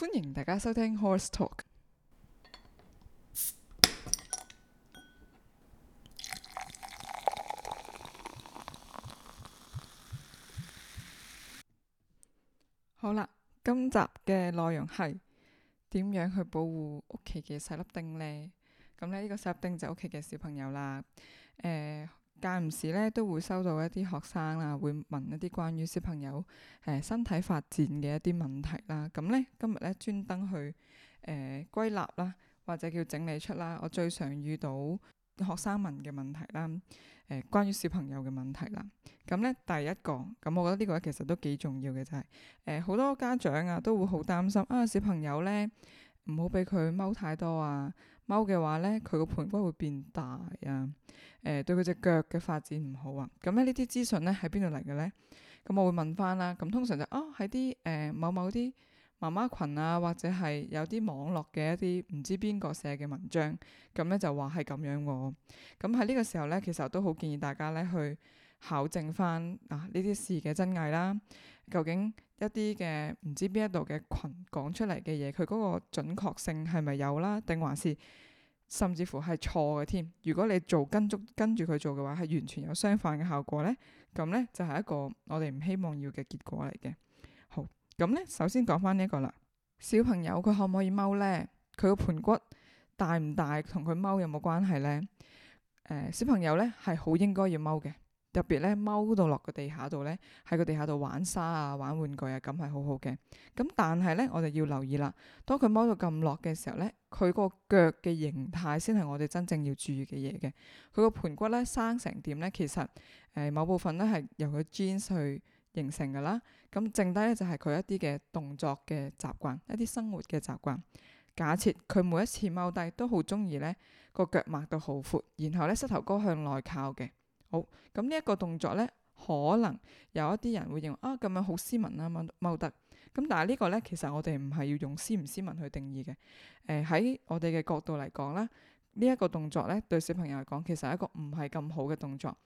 歡迎大家收聽《Horis Talk》。好啦，今集嘅內容係點樣去保護屋企嘅細粒丁咧。咁咧呢個細粒丁就屋企嘅小朋友啦。誒。間唔時咧都會收到一啲學生啊，會問一啲關於小朋友誒、呃、身體發展嘅一啲問題啦。咁咧今日咧專登去誒、呃、歸納啦，或者叫整理出啦，我最常遇到學生問嘅問題啦，誒、呃、關於小朋友嘅問題啦。咁、呃、咧第一個，咁我覺得呢個其實都幾重要嘅就係誒好多家長啊，都會好擔心啊，小朋友咧，唔好俾佢踎太多啊。踎嘅話咧，佢個盆骨會變大啊，誒、呃、對佢隻腳嘅發展唔好啊。咁咧呢啲資訊咧喺邊度嚟嘅咧？咁我會問返啦。咁通常就哦喺啲誒某某啲媽媽群啊，或者係有啲網絡嘅一啲唔知邊個寫嘅文章，咁咧就話係咁樣喎、哦。咁喺呢個時候咧，其實我都好建議大家咧去考證翻嗱呢啲事嘅真偽啦，究竟一啲嘅唔知邊一度嘅群講出嚟嘅嘢，佢嗰個準確性係咪有啦？定還是甚至乎係錯嘅添？如果你做跟足跟住佢做嘅話，係完全有相反嘅效果咧。咁咧就係一個我哋唔希望要嘅結果嚟嘅。好，咁咧，首先講翻呢一個啦，小朋友佢可唔可以踎咧？佢個盆骨大唔大，同佢踎有冇關係咧？誒、呃，小朋友咧係好應該要踎嘅。特別咧踎到落個地下度咧，喺個地下度玩沙啊、玩玩具啊，咁係好好嘅。咁但係咧，我哋要留意啦，當佢踎到咁落嘅時候咧，佢個腳嘅形態先係我哋真正要注意嘅嘢嘅。佢個盤骨咧生成點咧，其實誒、呃、某部分咧係由佢 genes 去形成噶啦。咁剩低咧就係、是、佢一啲嘅動作嘅習慣，一啲生活嘅習慣。假設佢每一次踎低都好中意咧個腳擘到好闊，然後咧膝頭哥向內靠嘅。好，咁呢一個動作咧，可能有一啲人會認為啊，咁樣好斯文啦，踎得，咁但係呢個咧，其實我哋唔係要用斯唔斯文去定義嘅。誒、呃，喺我哋嘅角度嚟講啦，呢、這、一個動作咧，對小朋友嚟講，其實係一個唔係咁好嘅動作。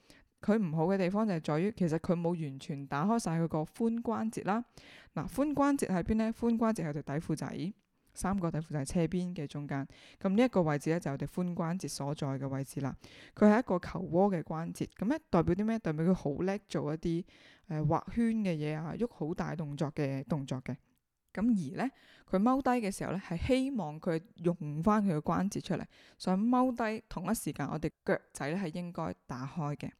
佢唔好嘅地方就係在於，其實佢冇完全打開晒佢個髖關節啦。嗱、啊，髖關節喺邊咧？髖關節係條底褲仔。三角底褲就係斜邊嘅中間，咁呢一個位置咧就係我哋髖關節所在嘅位置啦。佢係一個球窩嘅關節，咁咧代表啲咩？代表佢好叻做一啲誒畫圈嘅嘢啊，喐好大動作嘅動作嘅。咁而咧，佢踎低嘅時候咧，係希望佢用翻佢嘅關節出嚟，所以踎低同一時間，我哋腳仔咧係應該打開嘅。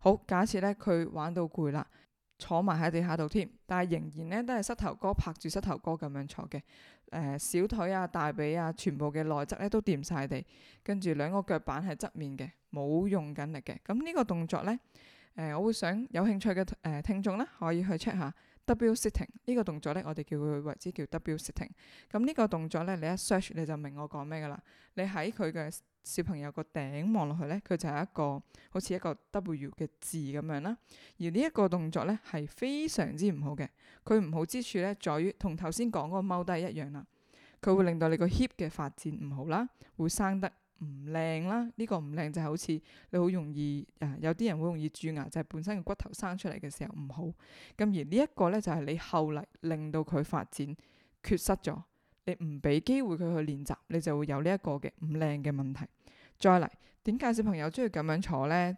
好，假設咧佢玩到攰啦。坐埋喺地下度添，但係仍然咧都係膝頭哥拍住膝頭哥咁樣坐嘅。誒、呃，小腿啊、大髀啊，全部嘅內側咧都掂晒地，跟住兩個腳板係側面嘅，冇用緊力嘅。咁、這、呢個動作咧，誒、呃，我會想有興趣嘅誒聽眾咧可以去 check 下 w sitting 呢個動作咧，我哋叫佢為之叫 w sitting。咁呢個動作咧，你一 search 你就明我講咩噶啦。你喺佢嘅。小朋友個頂望落去咧，佢就係一個好似一個 W 嘅字咁樣啦。而呢一個動作咧，係非常之唔好嘅。佢唔好之處咧，在於同頭先講嗰個踎低一樣啦，佢會令到你個 hip 嘅發展唔好啦，會生得唔靚啦。呢個唔靚就係好似你好容易啊，有啲人好容易蛀牙，就係本身嘅骨頭生出嚟嘅時候唔好。咁而呢一個咧，就係你後嚟令到佢發展缺失咗。你唔俾機會佢去練習，你就會有呢一個嘅唔靚嘅問題。再嚟，點解小朋友鍾意咁樣坐呢？誒、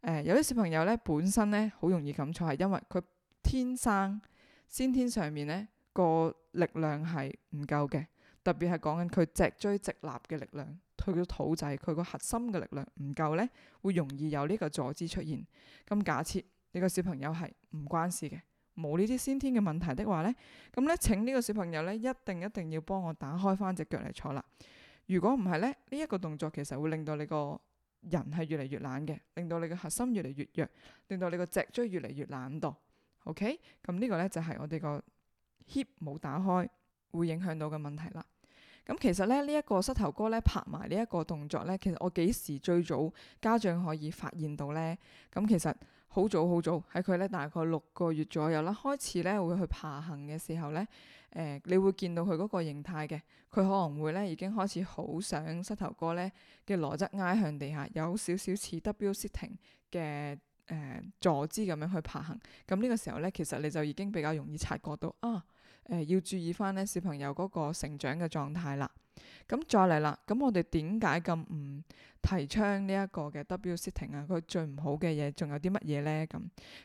呃，有啲小朋友呢，本身呢，好容易咁坐，係因為佢天生先天上面呢個力量係唔夠嘅，特別係講緊佢脊椎直立嘅力量，佢個肚仔佢個核心嘅力量唔夠呢，會容易有呢個坐姿出現。咁假設你、呢個小朋友係唔關事嘅。冇呢啲先天嘅問題的話呢，咁咧請呢個小朋友呢，一定一定要幫我打開返隻腳嚟坐啦。如果唔係呢，呢一個動作其實會令到你個人係越嚟越懶嘅，令到你嘅核心越嚟越弱，令到你個脊椎越嚟越懶惰。OK，咁呢個呢，就係我哋個 hip 冇打開會影響到嘅問題啦。咁其實咧呢一個膝頭哥呢，拍埋呢一個動作呢，其實我幾時最早家長可以發現到呢？咁其實。好早好早喺佢咧大概六個月左右啦，開始咧會去爬行嘅時候咧，誒、呃、你會見到佢嗰個形態嘅，佢可能會咧已經開始好想膝頭哥咧嘅攞則挨向地下，有少少似 W sitting 嘅誒、呃、坐姿咁樣去爬行，咁呢個時候咧其實你就已經比較容易察覺到啊，誒、呃、要注意翻咧小朋友嗰個成長嘅狀態啦，咁再嚟啦，咁我哋點解咁唔？提倡呢一個嘅 W sitting 啊，佢最唔好嘅嘢仲有啲乜嘢咧？咁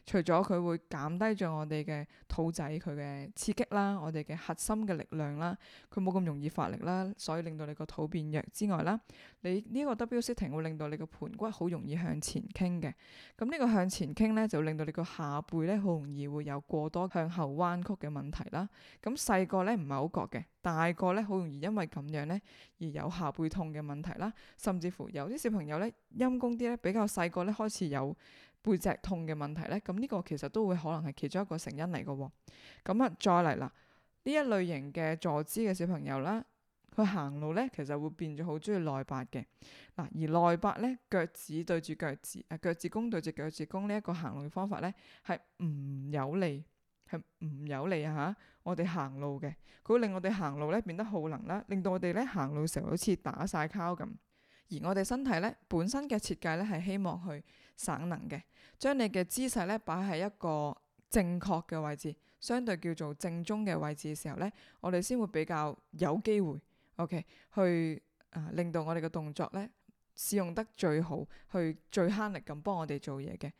除咗佢會減低咗我哋嘅肚仔，佢嘅刺激啦，我哋嘅核心嘅力量啦，佢冇咁容易發力啦，所以令到你個肚變弱之外啦，你呢個 W sitting 會令到你個盤骨好容易向前傾嘅，咁呢個向前傾咧就令到你個下背咧好容易會有過多向後彎曲嘅問題啦。咁細個咧唔係好覺嘅，大個咧好容易因為咁樣咧而有下背痛嘅問題啦，甚至乎有。有啲小朋友咧，陰公啲咧，比較細個咧，開始有背脊痛嘅問題咧。咁呢個其實都會可能係其中一個成因嚟嘅、哦。咁啊，再嚟嗱呢一類型嘅坐姿嘅小朋友啦，佢行路咧，其實會變咗好中意內八嘅嗱。而內八咧，腳趾對住腳趾，啊，腳趾弓對住腳趾弓呢一個行路嘅方法咧，係唔有利，係唔有利啊！吓，我哋行路嘅，佢令我哋行路咧變得耗能啦，令到我哋咧行路成好似打晒尻咁。而我哋身體咧本身嘅設計咧係希望去省能嘅，將你嘅姿勢咧擺喺一個正確嘅位置，相對叫做正中嘅位置嘅時候咧，我哋先會比較有機會，OK，去啊令到我哋嘅動作咧使用得最好，去最慳力咁幫我哋做嘢嘅。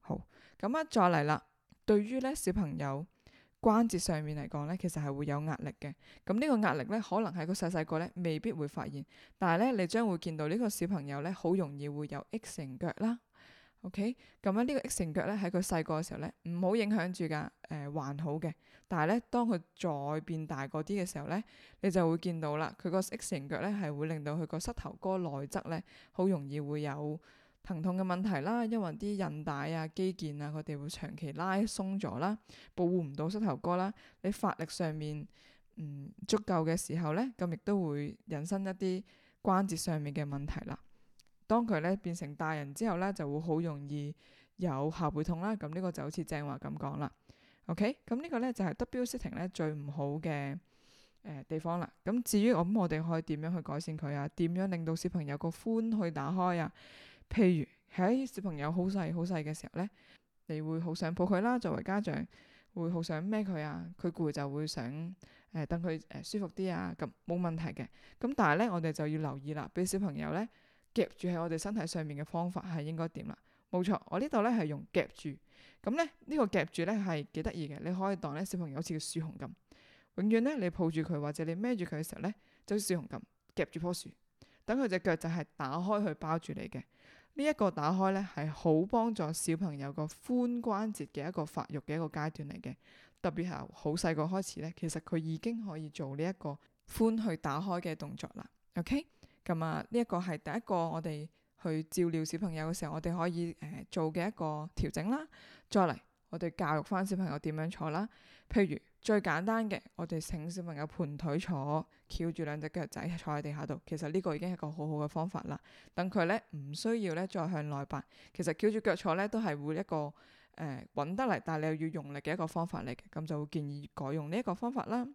好，咁啊再嚟啦，對於咧小朋友。關節上面嚟講咧，其實係會有壓力嘅。咁、這、呢個壓力咧，可能喺佢細細個咧未必會發現，但係咧你將會見到呢個小朋友咧好容易會有 X 型腳啦。OK，咁樣呢個 X 型腳咧喺佢細個嘅時候咧唔好影響住噶，誒、呃、還好嘅。但係咧當佢再變大個啲嘅時候咧，你就會見到啦，佢個 X 型腳咧係會令到佢個膝頭哥內側咧好容易會有。疼痛嘅問題啦，因為啲韌帶啊、肌腱啊，佢哋會長期拉鬆咗啦，保護唔到膝頭哥啦。你發力上面唔、嗯、足夠嘅時候咧，咁亦都會引申一啲關節上面嘅問題啦。當佢咧變成大人之後咧，就會好容易有下背痛啦。咁呢個就好似正話咁講啦。OK，咁呢個咧就係 W sitting 咧最唔好嘅誒地方啦。咁至於咁我哋可以點樣去改善佢啊？點樣令到小朋友個寬去打開啊？譬如喺小朋友好細好細嘅時候咧，你會好想抱佢啦，作為家長會好想孭佢啊。佢攰就會想誒、呃、等佢誒、呃、舒服啲啊，咁冇問題嘅。咁但係咧，我哋就要留意啦，俾小朋友咧夾住喺我哋身體上面嘅方法係應該點啦？冇錯，我呢度咧係用夾住咁咧，呢個夾住咧係幾得意嘅，你可以當咧小朋友好似個樹熊咁，永遠咧你抱住佢或者你孭住佢嘅時候咧，就好似樹熊咁夾住棵樹，等佢隻腳就係打開去包住你嘅。呢一個打開咧係好幫助小朋友個髖關節嘅一個發育嘅一個階段嚟嘅，特別係由好細個開始咧，其實佢已經可以做呢一個髖去打開嘅動作啦。OK，咁啊，呢一個係第一個我哋去照料小朋友嘅時候，我哋可以誒做嘅一個調整啦。再嚟，我哋教育翻小朋友點樣坐啦，譬如。最簡單嘅，我哋請小朋友盤腿坐，翹住兩隻腳仔坐喺地下度。其實呢個已經係個好好嘅方法啦。等佢咧唔需要咧再向內八，其實翹住腳坐咧都係會一個誒穩、呃、得嚟，但係你又要用力嘅一個方法嚟嘅，咁就會建議改用呢一個方法啦。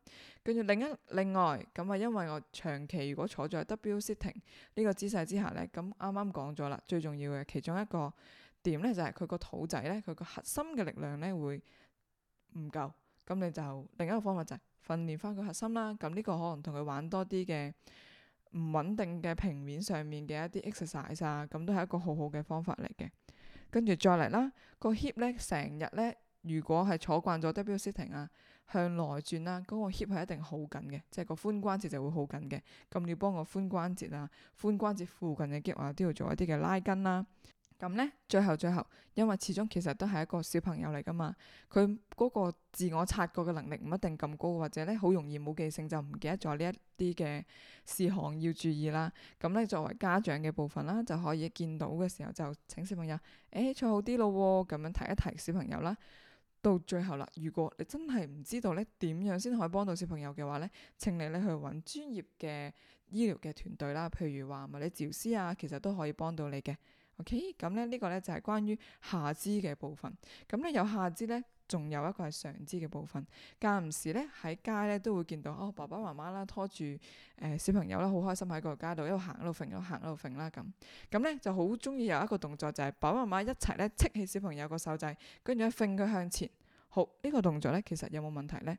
跟住，另一另外咁啊，因為我長期如果坐在 W sitting 呢個姿勢之下咧，咁啱啱講咗啦，最重要嘅其中一個點咧就係佢個肚仔咧，佢個核心嘅力量咧會唔夠。咁你就另一個方法就係訓練翻佢核心啦。咁呢個可能同佢玩多啲嘅唔穩定嘅平面上面嘅一啲 exercise 啊，咁都係一個好好嘅方法嚟嘅。跟住再嚟啦，個 hip 咧成日咧，如果係坐慣咗 w sitting 啊，向內轉啦，嗰個 hip 係一定好緊嘅，即係個髖關節就會好緊嘅。咁要幫個髖關節啊，髖關節附近嘅肌肉啊，都要做一啲嘅拉筋啦。咁咧，最後最後，因為始終其實都係一個小朋友嚟噶嘛，佢嗰個自我察覺嘅能力唔一定咁高，或者咧好容易冇記性，就唔記得咗呢一啲嘅事項要注意啦。咁咧，作為家長嘅部分啦，就可以見到嘅時候就請小朋友，誒、欸，坐好啲咯，咁樣提一提小朋友啦。到最後啦，如果你真係唔知道咧點樣先可以幫到小朋友嘅話咧，請你咧去揾專業嘅醫療嘅團隊啦，譬如話物理治療師啊，其實都可以幫到你嘅。OK，咁咧呢個咧就係關於下肢嘅部分。咁咧有下肢咧，仲有一個係上肢嘅部分。間唔時咧喺街咧都會見到，哦，爸爸媽媽啦拖住誒小朋友啦，好開心喺個街度一路行一路揈，一路行一路揈啦咁。咁咧就好中意有一個動作，就係爸爸媽媽一齊咧戚起小朋友個手仔，跟住咧揈佢向前。好，呢個動作咧，其實有冇問題咧？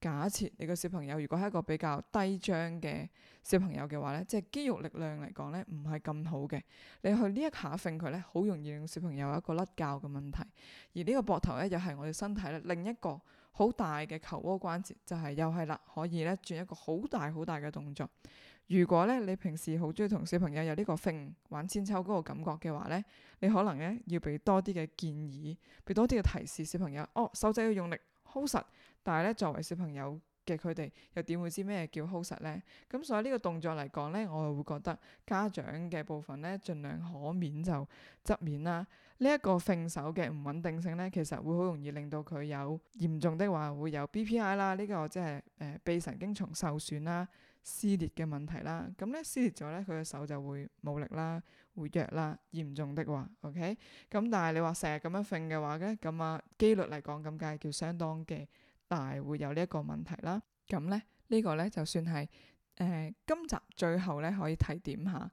假設你個小朋友如果係一個比較低張嘅小朋友嘅話咧，即係肌肉力量嚟講咧唔係咁好嘅，你去呢一下揈佢咧，好容易令小朋友一個甩骹嘅問題。而個呢個膊頭咧，又係我哋身體咧另一個好大嘅球窩關節，就係、是、又係啦，可以咧轉一個好大好大嘅動作。如果咧你平時好中意同小朋友有呢個揈玩千秋嗰個感覺嘅話咧，你可能咧要俾多啲嘅建議，俾多啲嘅提示小朋友，哦手仔要用力 hold 實。但係咧，作為小朋友嘅佢哋又點會知咩叫 hold 實咧？咁所以呢個動作嚟講咧，我就會覺得家長嘅部分咧，盡量可免就則免啦。呢、這、一個揈手嘅唔穩定性咧，其實會好容易令到佢有嚴重的話會有 B P I 啦，呢、這個即係誒臂神經叢受損啦、撕裂嘅問題啦。咁咧撕裂咗咧，佢嘅手就會冇力啦、會弱啦。嚴重的話，OK 咁，但係你話成日咁樣揈嘅話咧，咁啊機率嚟講咁，梗係叫相當嘅。但係會有呢一個問題啦，咁咧呢、呢個咧就算係誒、呃、今集最後咧可以提點下誒、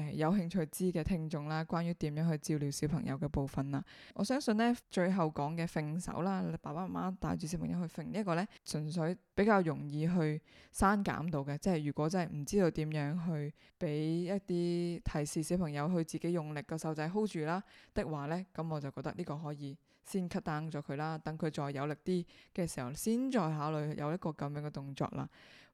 呃、有興趣知嘅聽眾啦，關於點樣去照料小朋友嘅部分啦。我相信咧最後講嘅揈手啦，你爸爸媽媽帶住小朋友去揈，呢個咧純粹比較容易去刪減到嘅，即係如果真係唔知道點樣去俾一啲提示小朋友去自己用力個手仔 hold 住啦的話咧，咁我就覺得呢個可以。先 cut down 咗佢啦，等佢再有力啲嘅時候，先再考慮有一個咁樣嘅動作啦，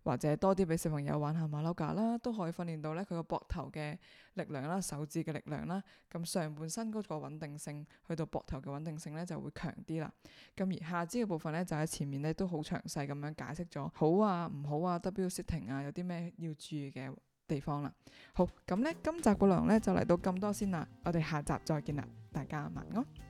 或者多啲俾小朋友玩，玩下馬騮架啦，都可以訓練到咧佢個膊頭嘅力量啦、手指嘅力量啦，咁上半身嗰個穩定性去到膊頭嘅穩定性咧就會強啲啦。咁而下肢嘅部分咧就喺前面咧都好詳細咁樣解釋咗好啊、唔好啊、w sitting 啊，有啲咩要注意嘅地方啦。好，咁咧今集嘅量咧就嚟到咁多先啦，我哋下集再見啦，大家晚安。